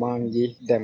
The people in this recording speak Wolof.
maa ngi dem